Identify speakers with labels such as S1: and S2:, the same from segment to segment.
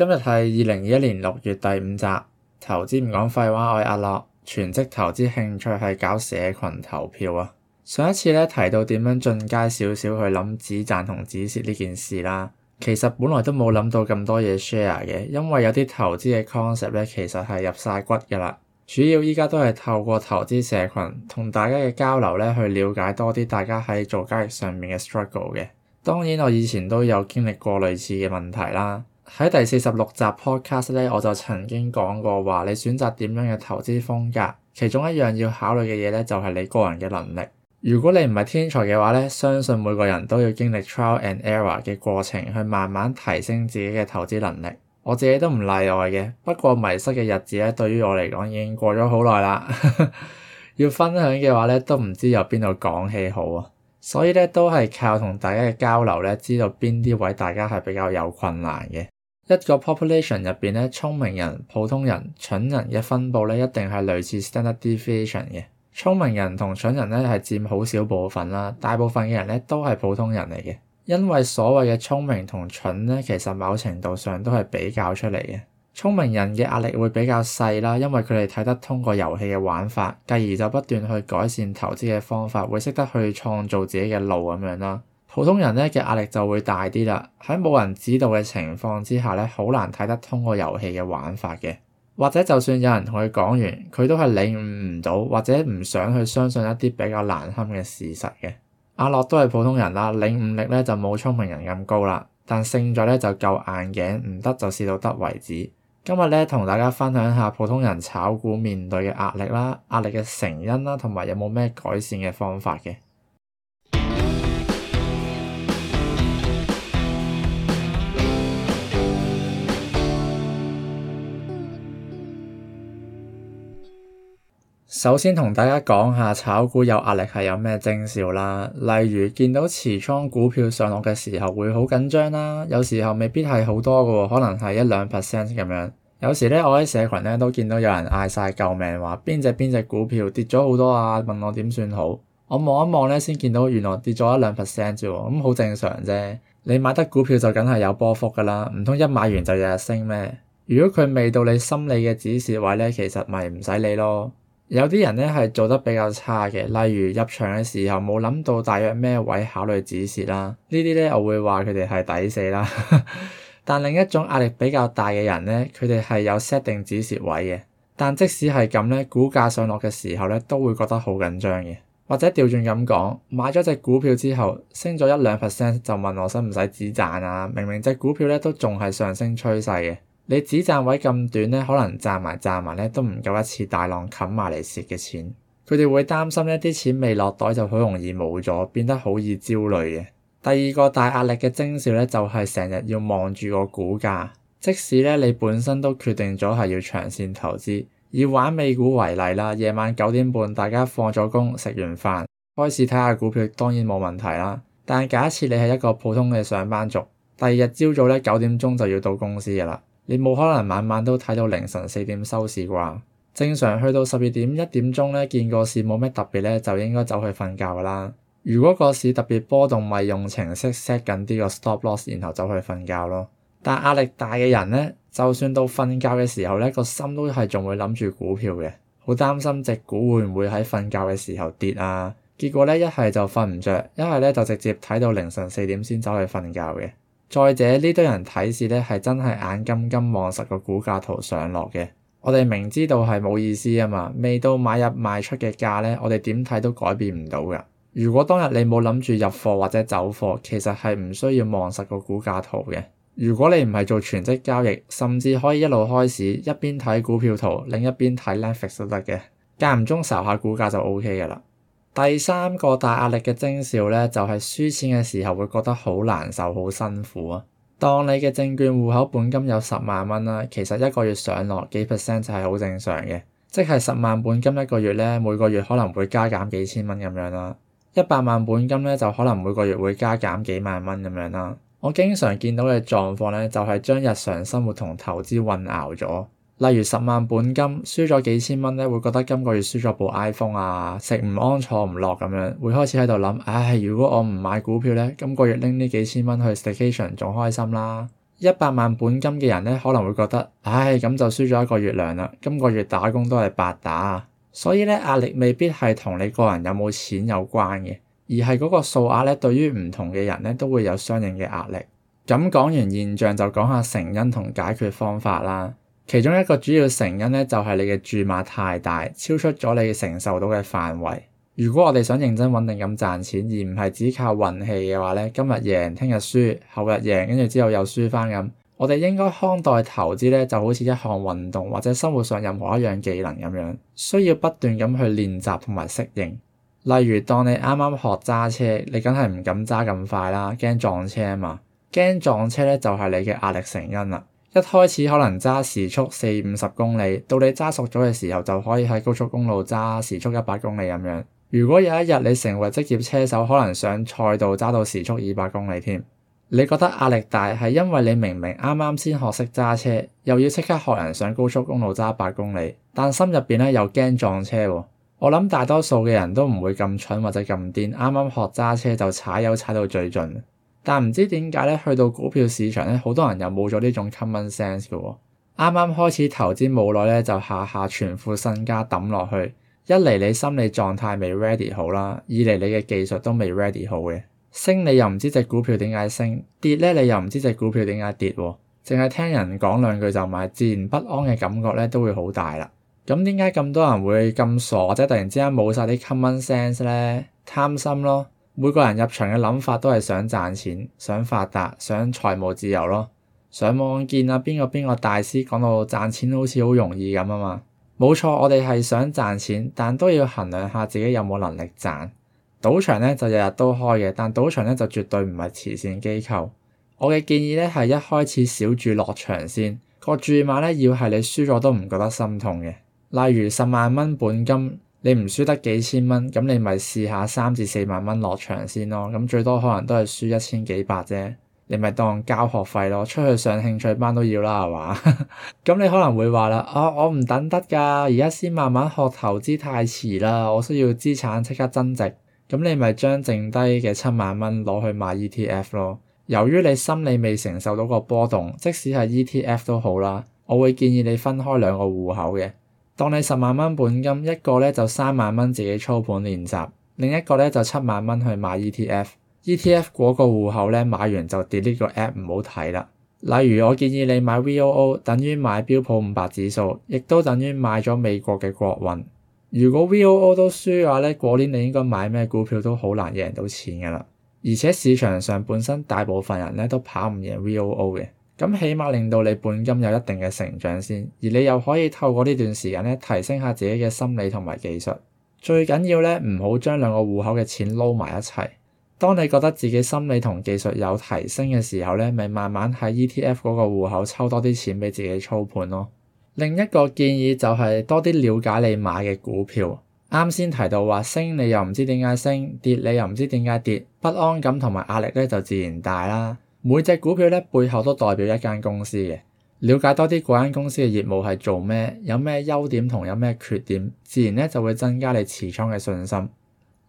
S1: 今日係二零二一年六月第五集，投資唔講廢話，我係阿樂，全職投資興趣係搞社群投票啊！上一次咧提到點樣進階少少去諗止賺同止蝕呢件事啦。其實本來都冇諗到咁多嘢 share 嘅，因為有啲投資嘅 concept 咧，其實係入晒骨㗎喇。主要依家都係透過投資社群同大家嘅交流咧，去了解多啲大家喺做交易上面嘅 struggle 嘅。當然我以前都有經歷過類似嘅問題啦。喺第四十六集 podcast 咧，我就曾經講過話，你選擇點樣嘅投資風格，其中一樣要考慮嘅嘢咧，就係你個人嘅能力。如果你唔係天才嘅話咧，相信每個人都要經歷 trial and error 嘅過程，去慢慢提升自己嘅投資能力。我自己都唔例外嘅。不過迷失嘅日子咧，對於我嚟講已經過咗好耐啦。 要分享嘅話咧，都唔知由邊度講起好啊。所以咧，都係靠同大家嘅交流咧，知道邊啲位大家係比較有困難嘅。一個 population 入邊咧，聰明人、普通人、蠢人嘅分布咧，一定係類似 standard deviation 嘅。聰明人同蠢人咧，係佔好少部分啦，大部分嘅人咧都係普通人嚟嘅。因為所謂嘅聰明同蠢咧，其實某程度上都係比較出嚟嘅。聰明人嘅壓力會比較細啦，因為佢哋睇得通過遊戲嘅玩法，繼而就不斷去改善投資嘅方法，會識得去創造自己嘅路咁樣啦。普通人咧嘅壓力就會大啲啦，喺冇人指導嘅情況之下咧，好難睇得通個遊戲嘅玩法嘅，或者就算有人同佢講完，佢都係領悟唔到，或者唔想去相信一啲比較難堪嘅事實嘅。阿樂都係普通人啦，領悟力咧就冇聰明人咁高啦，但勝在咧就夠硬頸，唔得就試到得為止。今日咧同大家分享下普通人炒股面對嘅壓力啦，壓力嘅成因啦，同埋有冇咩改善嘅方法嘅。首先同大家講下炒股有壓力係有咩徵兆啦。例如見到持倉股票上落嘅時候會好緊張啦。有時候未必係好多嘅喎，可能係一兩 percent 咁樣。有時咧，我喺社群咧都見到有人嗌晒救命，話邊隻邊隻股票跌咗好多啊！問我點算好？我望一望咧，先見到原來跌咗一兩 percent 啫喎，咁好正常啫。你買得股票就梗係有波幅㗎啦，唔通一買完就日日升咩？如果佢未到你心理嘅止蝕位咧，其實咪唔使理咯。有啲人咧係做得比較差嘅，例如入場嘅時候冇諗到大約咩位考慮止蝕啦。呢啲咧我會話佢哋係抵死啦。 但另一種壓力比較大嘅人咧，佢哋係有 set 定止蝕位嘅。但即使係咁咧，股價上落嘅時候咧，都會覺得好緊張嘅。或者掉轉咁講，買咗隻股票之後，升咗一兩 percent 就問我使唔使止賺啊？明明隻股票咧都仲係上升趨勢嘅。你只賺位咁短咧，可能賺埋賺埋咧都唔夠一次大浪冚埋嚟蝕嘅錢。佢哋會擔心一啲錢未落袋就好容易冇咗，變得好易焦慮嘅。第二個大壓力嘅徵兆咧，就係成日要望住個股價，即使咧你本身都決定咗係要長線投資。以玩美股為例啦，夜晚九點半大家放咗工，食完飯開始睇下股票，當然冇問題啦。但假設你係一個普通嘅上班族，第二日朝早咧九點鐘就要到公司噶啦。你冇可能晚晚都睇到凌晨四點收市啩？正常去到十二點一點鐘咧，見個市冇咩特別咧，就應該走去瞓覺㗎啦。如果個市特別波動，咪用程式 set 緊啲個 stop loss，然後走去瞓覺咯。但係壓力大嘅人咧，就算到瞓覺嘅時候咧，個心都係仲會諗住股票嘅，好擔心隻股會唔會喺瞓覺嘅時候跌啊。結果咧，一係就瞓唔着，一係咧就直接睇到凌晨四點先走去瞓覺嘅。再者，呢堆人睇市咧係真係眼金金望實個股價圖上落嘅。我哋明知道係冇意思啊嘛，未到買入賣出嘅價咧，我哋點睇都改變唔到噶。如果當日你冇諗住入貨或者走貨，其實係唔需要望實個股價圖嘅。如果你唔係做全職交易，甚至可以一路開市，一邊睇股票圖，另一邊睇 Netflix 都得嘅。間唔中睄下股價就 OK 嘅啦。第三個大壓力嘅徵兆咧，就係輸錢嘅時候會覺得好難受、好辛苦啊。當你嘅證券戶口本金有十萬蚊啦，其實一個月上落幾 percent 就係好正常嘅，即係十萬本金一個月咧，每個月可能會加減幾千蚊咁樣啦。一百萬本金咧，就可能每個月會加減幾萬蚊咁樣啦。我經常見到嘅狀況咧，就係將日常生活同投資混淆咗。例如十萬本金輸咗幾千蚊咧，會覺得今個月輸咗部 iPhone 啊，食唔安坐唔落咁樣，會開始喺度諗：唉，如果我唔買股票咧，今個月拎呢幾千蚊去 staycation 仲開心啦。一百萬本金嘅人咧，可能會覺得：唉，咁就輸咗一個月糧啦，今個月打工都係白打啊。所以咧，壓力未必係同你個人有冇錢有關嘅，而係嗰個數額咧，對於唔同嘅人咧，都會有相應嘅壓力。咁講完現象就講下成因同解決方法啦。其中一個主要成因咧，就係你嘅注碼太大，超出咗你承受到嘅範圍。如果我哋想認真穩定咁賺錢，而唔係只靠運氣嘅話咧，今日贏，聽日輸，後日贏，跟住之後又輸翻咁，我哋應該看待投資咧，就好似一項運動或者生活上任何一樣技能咁樣，需要不斷咁去練習同埋適應。例如，當你啱啱學揸車，你梗係唔敢揸咁快啦，驚撞車啊嘛，驚撞車咧就係你嘅壓力成因啦。一開始可能揸時速四五十公里，到你揸熟咗嘅時候就可以喺高速公路揸時速一百公里咁樣。如果有一日你成為職業車手，可能上賽道揸到時速二百公里添。你覺得壓力大係因為你明明啱啱先學識揸車，又要即刻學人上高速公路揸百公里，但心入邊咧又驚撞車喎。我諗大多數嘅人都唔會咁蠢或者咁癲，啱啱學揸車就踩油踩到最盡。但唔知點解咧，去到股票市場咧，好多人又冇咗呢種 common sense 嘅喎、哦。啱啱開始投資冇耐咧，就下下全副身家抌落去。一嚟你心理狀態未 ready 好啦，二嚟你嘅技術都未 ready 好嘅。升你又唔知隻股票點解升，跌咧你又唔知隻股票點解跌喎、哦。淨係聽人講兩句就買，自然不安嘅感覺咧都會好大啦。咁點解咁多人會咁傻，或者突然之間冇晒啲 common sense 咧？貪心咯。每個人入場嘅諗法都係想賺錢、想發達、想財務自由咯。上網見啊，邊個邊個大師講到賺錢好似好容易咁啊嘛。冇錯，我哋係想賺錢，但都要衡量下自己有冇能力賺。賭場咧就日日都開嘅，但賭場咧就絕對唔係慈善機構。我嘅建議咧係一開始少注落場先，個注碼咧要係你輸咗都唔覺得心痛嘅，例如十萬蚊本金。你唔輸得幾千蚊，咁你咪試下三至四萬蚊落場先咯。咁最多可能都係輸一千幾百啫，你咪當交學費咯。出去上興趣班都要啦，係嘛？咁你可能會話啦，啊、哦、我唔等得㗎，而家先慢慢學投資太遲啦。我需要資產即刻增值。咁你咪將剩低嘅七萬蚊攞去買 ETF 咯。由於你心理未承受到個波動，即使係 ETF 都好啦，我會建議你分開兩個戶口嘅。當你十萬蚊本金，一個咧就三萬蚊自己操盤練習，另一個咧就七萬蚊去買 ETF。ETF 嗰個戶口咧買完就 delete 個 app 唔好睇啦。例如我建議你買 VOO，等於買標普五百指數，亦都等於買咗美國嘅國運。如果 VOO 都輸嘅話咧，過年你應該買咩股票都好難贏到錢㗎啦。而且市場上本身大部分人咧都跑唔贏 VOO 嘅。咁起碼令到你本金有一定嘅成長先，而你又可以透過呢段時間咧提升下自己嘅心理同埋技術。最緊要咧唔好將兩個戶口嘅錢撈埋一齊。當你覺得自己心理同技術有提升嘅時候咧，咪慢慢喺 ETF 嗰個戶口抽多啲錢俾自己操盤咯。另一個建議就係多啲了解你買嘅股票。啱先提到話升，你又唔知點解升；跌，你又唔知點解跌，不安感同埋壓力咧就自然大啦。每隻股票咧，背後都代表一間公司嘅。了解多啲嗰間公司嘅業務係做咩，有咩優點同有咩缺點，自然咧就會增加你持倉嘅信心。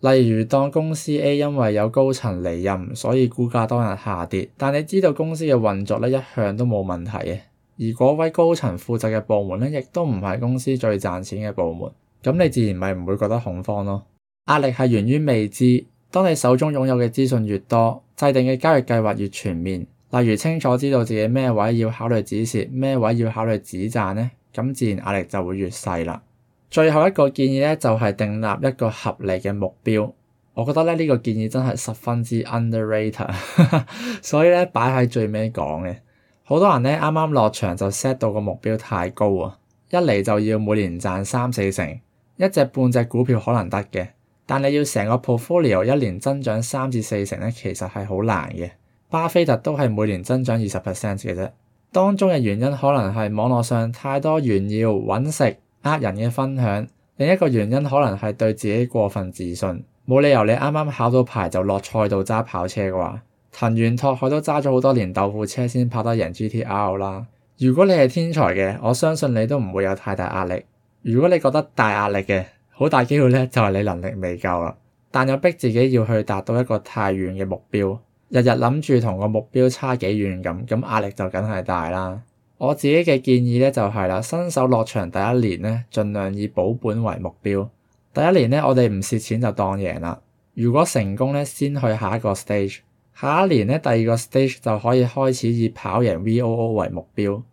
S1: 例如，當公司 A 因為有高層離任，所以股價當日下跌，但你知道公司嘅運作咧一向都冇問題嘅，而嗰位高層負責嘅部門咧亦都唔係公司最賺錢嘅部門，咁你自然咪唔會覺得恐慌咯。壓力係源於未知。當你手中擁有嘅資訊越多，制定嘅交易計劃越全面，例如清楚知道自己咩位要考慮止蝕，咩位要考慮止賺呢，咁自然壓力就會越細啦。最後一個建議呢，就係訂立一個合理嘅目標。我覺得呢個建議真係十分之 underrated， 所以呢擺喺最尾講嘅。好多人呢，啱啱落場就 set 到個目標太高啊，一嚟就要每年賺三四成，一隻半隻股票可能得嘅。但你要成個 portfolio 一年增長三至四成咧，其實係好難嘅。巴菲特都係每年增長二十 percent 嘅啫。當中嘅原因可能係網絡上太多炫耀、揾食、呃人嘅分享。另一個原因可能係對自己過分自信，冇理由你啱啱考到牌就落賽道揸跑車啩？藤原拓海都揸咗好多年豆腐車先跑得贏 GTR 啦。如果你係天才嘅，我相信你都唔會有太大壓力。如果你覺得大壓力嘅，好大機會咧，就係你能力未夠啦，但又逼自己要去達到一個太遠嘅目標，日日諗住同個目標差幾遠咁，咁壓力就梗係大啦。我自己嘅建議咧就係啦，新手落場第一年咧，盡量以保本為目標。第一年咧，我哋唔蝕錢就當贏啦。如果成功咧，先去下一個 stage。下一年咧，第二個 stage 就可以開始以跑贏 VOO 為目標。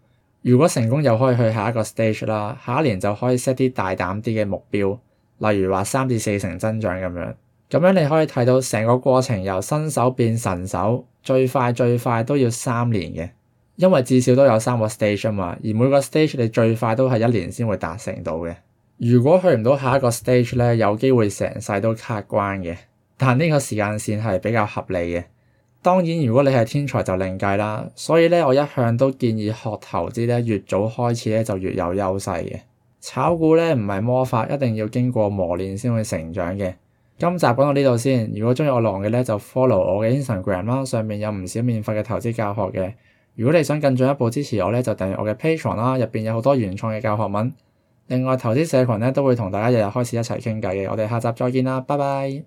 S1: 如果成功又可以去下一個 stage 啦，下一年就可以 set 啲大膽啲嘅目標。例如話三至四成增長咁樣，咁樣你可以睇到成個過程由新手變神手，最快最快都要三年嘅，因為至少都有三個 stage 啊嘛，而每個 stage 你最快都係一年先會達成到嘅。如果去唔到下一個 stage 咧，有機會成世都卡關嘅。但呢個時間線係比較合理嘅。當然如果你係天才就另計啦。所以咧，我一向都建議學投資咧，越早開始咧就越有優勢嘅。炒股咧唔係魔法，一定要經過磨練先會成長嘅。今集講到呢度先，如果中意我浪嘅咧，就 follow 我嘅 Instagram 啦，上面有唔少免費嘅投資教學嘅。如果你想更進一步支持我咧，就訂閱我嘅 Patreon 啦，入邊有好多原創嘅教學文。另外，投資社群咧都會同大家日日開始一齊傾偈嘅。我哋下集再見啦，拜拜。